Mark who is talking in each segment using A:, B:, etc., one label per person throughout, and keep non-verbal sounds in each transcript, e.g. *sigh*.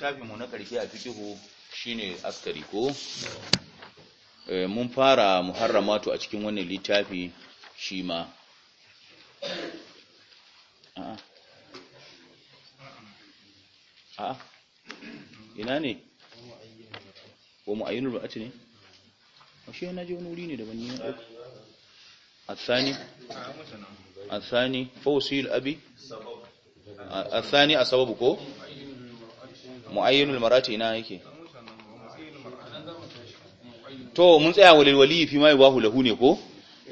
A: littafin mu na karshe a fikihu shine askari ko eh, mun fara muharramatu a cikin wannan littafi shi ma a ina ne wa mu'ayyinul ba'ati ne a shi yana je wani wuri ne daban ne الثاني الثاني فوصيل أبي الثاني السبب ko mu'ayyinul marati ina yake to mun tsaya walil wali fi ma yubahu lahu ne ko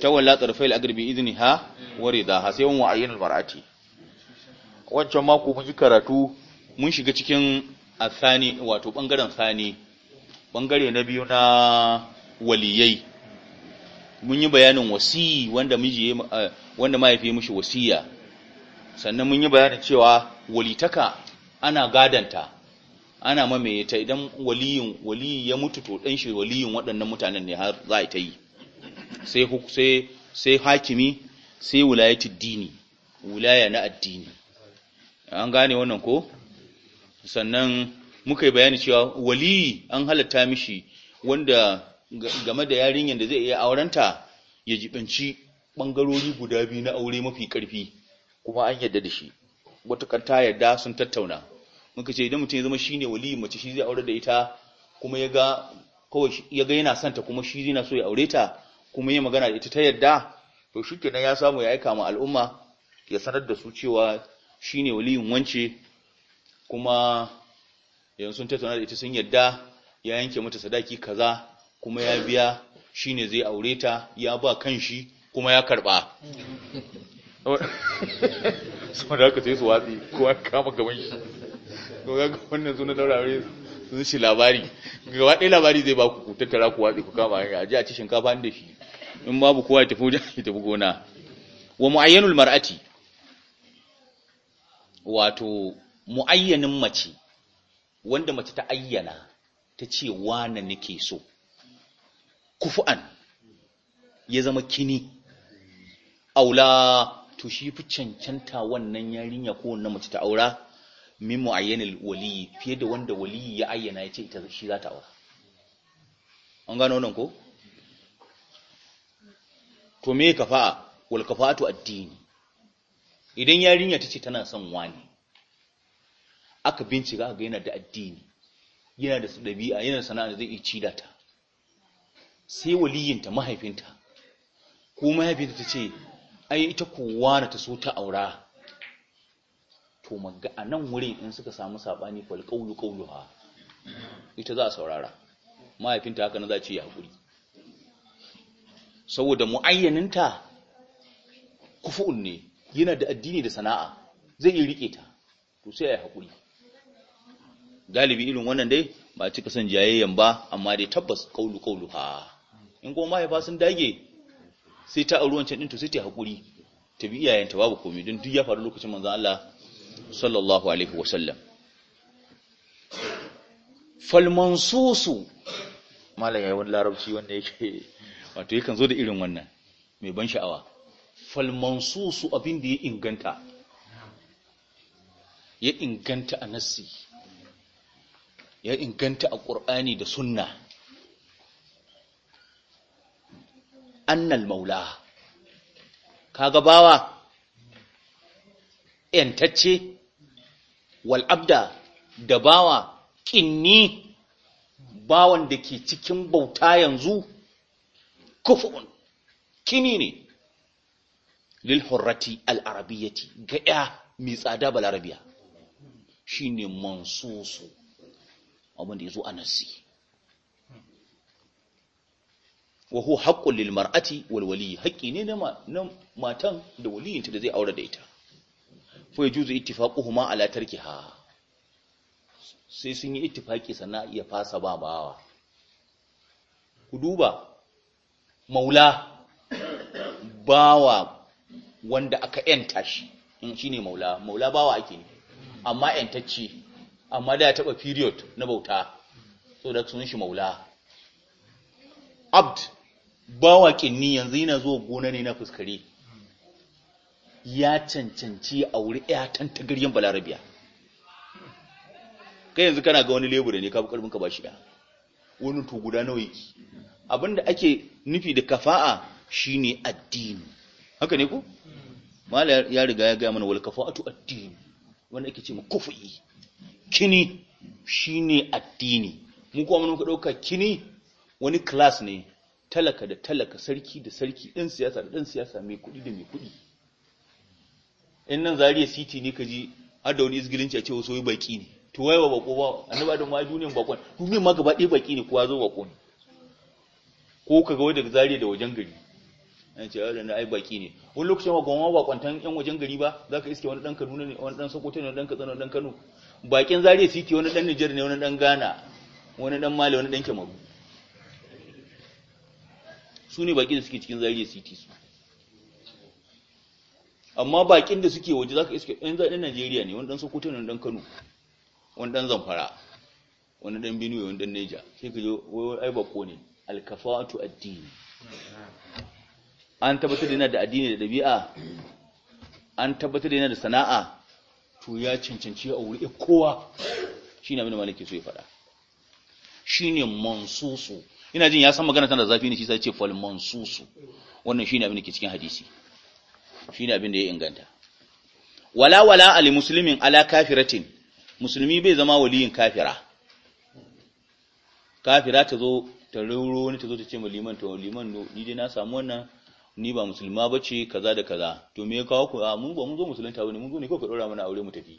A: tawalla tarfail agribi idniha warida ha sai mu'ayyinul marati wancan ma mun ji karatu mun shiga cikin athani wato bangaren thani bangare na biyu na waliyai mun yi bayanin wasi wanda miji eh, wanda mahaifi mishi wasiya sannan mun yi bayanin cewa walitaka ana gadanta ana mamaye ta idan waliyin waliyi ya mutu to dan shi waliyin waɗannan mutanen ne har za ta yi sai sai sai hakimi sai wilayatul dini wilaya na addini an gane wannan ko sannan muka yi bayani cewa waliyi an halatta mishi wanda game da yarinyar da zai iya aurenta ya jibanci bangarori guda biyu na aure mafi karfi kuma an yadda da shi kan ta yarda sun tattauna muka ce idan mutum ya zama shine wali mace shi zai aure da ita kuma ya ga kawai ya ga yana santa kuma shi zai na so ya aure ta kuma ya magana da ita ta yadda to kenan ya samu ya aika ma al'umma ya sanar da su cewa shine waliyin wance kuma yanzu sun tattauna da ita sun yadda ya yanke mata sadaki kaza kuma ya biya shi ne zai aure ta ya ba kan shi kuma ya karba *laughs* da haka sai su watsi kuma kama gaban shi to ga wannan zo na daura aure sun shi labari gaba ɗaya labari zai ba ku tattara ku watsi ku kama hanya aje a ci shinkafa da shi in babu kowa ya tafi wajen ya tafi gona wa mu'ayyanul mar'ati wato mu'ayyanin mace wanda mace ta ayyana ta ce wane nake so kufu'an ya zama kini aula to shi fi cancanta wannan yarinya ko wannan mace ta aura min mu'ayyanil waliyi fiye da wanda waliyi ya ayyana ya ce ita shi za ta aura an gano nan ko to me kafa'a wal kafa'atu addini idan yarinya ce tana son wani aka bincika ga yana da addini yana da dabi'a yana sana'a zai ci da ta sai ta mahaifinta ko mahaifinta ce ai ita kowa na ta so ta aura to maga a nan wurin in suka samu sabani fal qawlu ha ita za a saurara mahaifinta haka na za a ce ya guri saboda muayyaninta kufu'un ne yana da addini da sana'a zai yi riƙe ta to sai ya haƙuri. galibi irin wannan dai ba cika son jayayyan ba amma dai tabbas qawlu ha in kuma mahaifa sun dage sai ta auri wancan din to sai ta hakuri ta bi iyayenta babu komi don duk ya faru lokacin manzan Allah sallallahu alaihi wasallam falmansusu malam wani larabci wanda yake wato yakan zo da irin wannan mai ban sha'awa falmansusu abin da ya inganta ya inganta a nassi ya inganta a ƙur'ani da sunna annal maula kaga bawa ‘yantacce, wal'abda da bawa ƙinni bawan da ke cikin bauta yanzu, kufu'un, kini ne, lilhurrati hurrati al'arabiyyati ga mai tsada balarabiya, shi ne mansusu, abinda ya zo a nasi. wa huwa lilmar'ati lil haƙƙi ne na matan da waliyinta da zai aure da ita fa yajuzu ittifaquhuma ala tarkiha sai sun yi ittifaki sannan iya fasa ba bawa ku duba maula bawa wanda aka yanta shi in shine maula maula bawa ake ne amma yantacce amma da ya taba period na bauta so da sun shi maula abd bawa kinni yanzu ina zuwa gona ne na fuskare ya cancanci ya auri ƴatan tagaryen balarabiya kai yanzu kana ga wani lebura ne ka bi karfin ka bashi da wani to guda nawa yake abinda ake nufi da kafa'a shine addini haka ne ko mala ya riga ya gaya mana wal kafa'atu addini wanda ake ce ma kufi kini shine addini mu kuma mun ka kini wani class ne talaka da talaka sarki da sarki ɗan siyasa da ɗan siyasa mai kuɗi da mai kuɗi in nan zariya city ne ka ji har da wani izgilinci a ce wasu wai baki ne to wai wa bako ba annabi adam ma duniyan bako ne duniyan ma gaba ɗaya baki ne kowa zo bako ne ko ka ga wanda zariya da wajen gari an ce da na ai baki ne wani lokacin ma gwamma ba kwantan yan wajen gari ba za ka iske wani ɗan Kaduna ne wani dan Sokoto ne wani dan Katsina wani ɗan Kano bakin zariya city wani ɗan Niger ne wani ɗan Ghana wani ɗan Mali wani ɗan Kamaru su ne baki da suke cikin zariya city su amma bakin da suke waje zaka iske ɗan zaɗin Najeriya ne wani ɗan Sokoto ne ɗan Kano wani ɗan Zamfara wani ɗan Benue wani ɗan Niger sai ka je wai ai bako ne alkafatu addini an tabbatar da yana da addini da dabi'a an tabbatar da yana da sana'a to ya cancanci a wuri kowa shine abin da malaki so ya faɗa shine mansusu ina jin ya san magana tana da zafi ne shi sai ce fal mansusu wannan shine abin da ke cikin hadisi shi ne abin da ya inganta wala wala ali Musulmin ala kafiratin musulmi bai zama waliyin kafira kafira ta zo ta rauro wani ta zo ta ce ma liman to liman no ni dai na samu wannan ni ba musulma ba ce kaza da kaza to me ya kawo ku a mun ba mun zo musulunta wani mun zo ne kawo ka ɗora mana aure mu tafi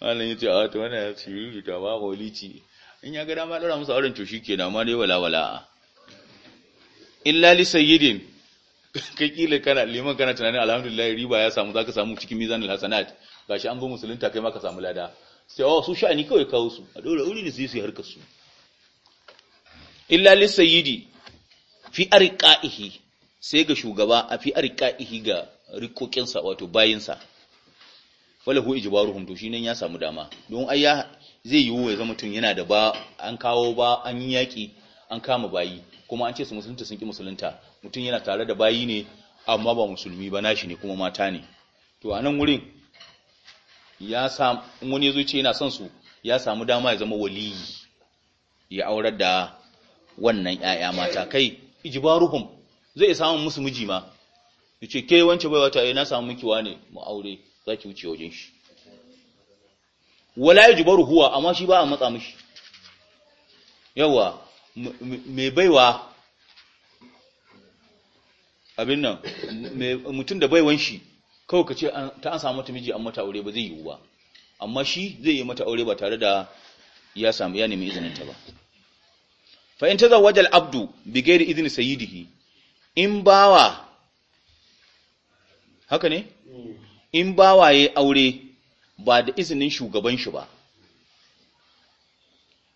A: wannan *laughs* ce, a wata wani ya yi ta ba ce, in ya ga dama ɗora musu auren to shikenan ma dai wala wala illa li sayyidin *laughs* kai kila kana liman kana tunanin alhamdulillah riba ya samu zaka samu cikin mizanul hasanat gashi an zo musulunta kai ma ka samu lada sai wa oh, su sha'ani kawai kawo su a dole wuri ne su yi su harkar su illa li sayyidi fi arqaihi sai ga shugaba a fi arqaihi ga sa wato bayinsa falahu ijbaruhum to shinan ya samu dama don ayya zai yiwu ya zama tun yana da ba an kawo ba an yaki an kama bayi kuma an ce su musulunta sun ki musulunta mutum yana tare da bayi ne amma ba musulmi ba nashi ne kuma mata ne to a nan wurin ya samu wani ya ce yana son su ya samu dama ya zama waliyi ya aurar da wannan ‘ya'ya mata kai ijibaruhum zai iya samun musu miji ma ya ce ke wance bai wata yana eh, samun mikiwa ne mu aure za ki wuce wajen shi wala ya jibaru huwa amma shi ba a matsa mishi Yauwa. mai baiwa abin nan mutum da baiwan shi kawai ka ce ta an samu mata miji an mata aure ba zai yiwu ba amma shi zai yi mata aure ba tare da ya samu ya nemi izininta ba fa in tazawwaja abdu bi ghairi idni sayyidihi in bawa haka ne in bawa ya aure ba da izinin shugaban shi ba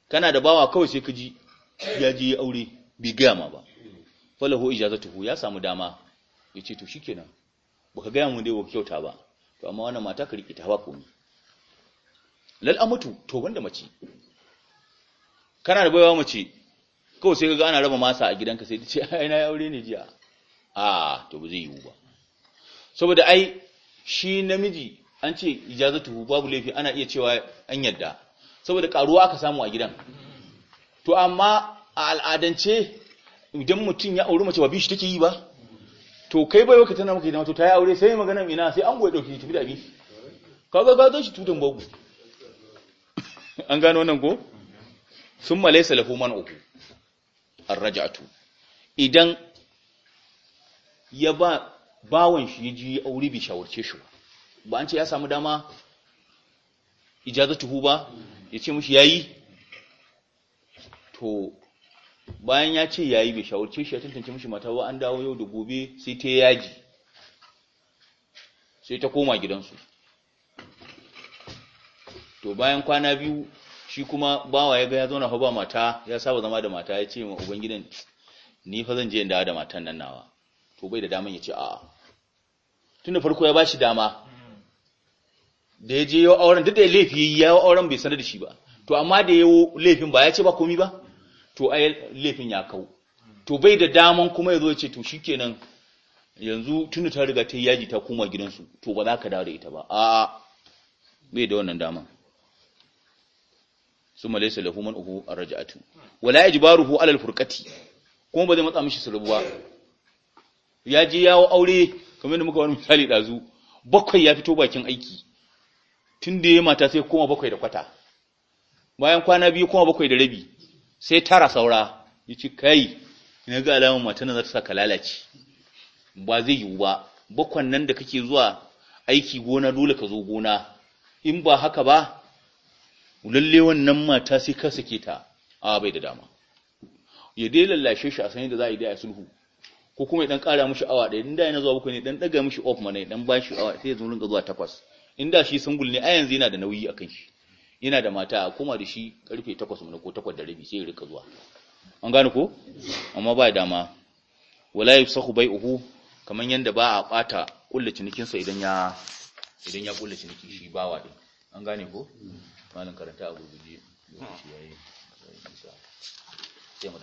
A: kana da bawa kawai sai ka ji ya ji aure bai gaya ma ba falahu ijazatuhu ya samu dama ya ce to shikenan baka gaya mu dai wa kyauta ba to amma wannan mata ka ta ba komai lal amatu to banda mace kana da baiwa mace kawai sai kaga ana raba masa a gidanka sai ta ce ai na aure ne jiya a to ba zai yiwu ba saboda ai shi namiji an ce ijazatuhu babu laifi ana iya cewa an yadda saboda karuwa aka samu a gidan to amma a al'adance idan mutum ya auri mace ba bishi take yi ba to kai bai waka tana maka idan to ta yi aure sai magana ina sai an goye dauke tafi da bi kaga gadon shi tutun bagu *laughs* an gano wannan ko sun laysa lahu man uku arraja'atu idan ya ba bawon shi ya ji aure bi shawarce shi ba an ce ya samu dama ijazatuhu ba ya ce mishi yayi to bayan ya ce yayi bai shawarce shi ya tantance mishi mata ba an dawo yau da gobe sai ta yaji sai ta koma gidansu to bayan kwana biyu shi kuma bawa ya ga ya zauna fa ba mata ya saba zama da mata ya ce ma ubangidan ni fa zan je in da matan nan nawa to bai da daman ya ce a tunda farko ya bashi dama da ya je yau auren duk da laifi ya yi auren bai sanar da shi ba to amma da yawo laifin ba ya ce ba komi ba to ai laifin ya kawo to bai da daman kuma ya zo ce to shikenan yanzu tunda ta riga ta yaji ta koma gidansu to ba za ka dawo da ita ba a'a bai da wannan daman summa laysa lahu man uhu arja'atu wala ruhu ala alfurqati kuma ba zai matsa mishi sulbu ba ya je yawo aure kamar da muka wani misali dazu bakwai ya fito bakin aiki tunda yayi mata sai koma bakwai da kwata bayan kwana biyu koma bakwai da rabi sai tara saura ya ci kai na ga alamun matan za ta saka lalace ba zai yiwu ba bakwan nan da kake zuwa aiki gona dole ka zo gona in ba haka ba lalle wannan mata sai ka sake ta a bai da dama ya dai lallashe shi a sanin da za a yi da sulhu ko kuma ya dan kara mishi awa ɗaya inda yana zuwa bakwai ne dan daga mishi off mana dan ba shi awa sai ya zo rinka zuwa takwas inda shi sungul ne a yanzu yana da nauyi akan shi yana da mata a koma da shi karfe 8 mun ko 8 da rabi sai rika zuwa an gane ko amma ba dama wala yusahu bai'uhu kaman yanda ba a bata kullu cinikin sa idan ya idan ya kullu ciniki shi bawa din an gane ko malam karanta a gurguje lokaci yayi sai mu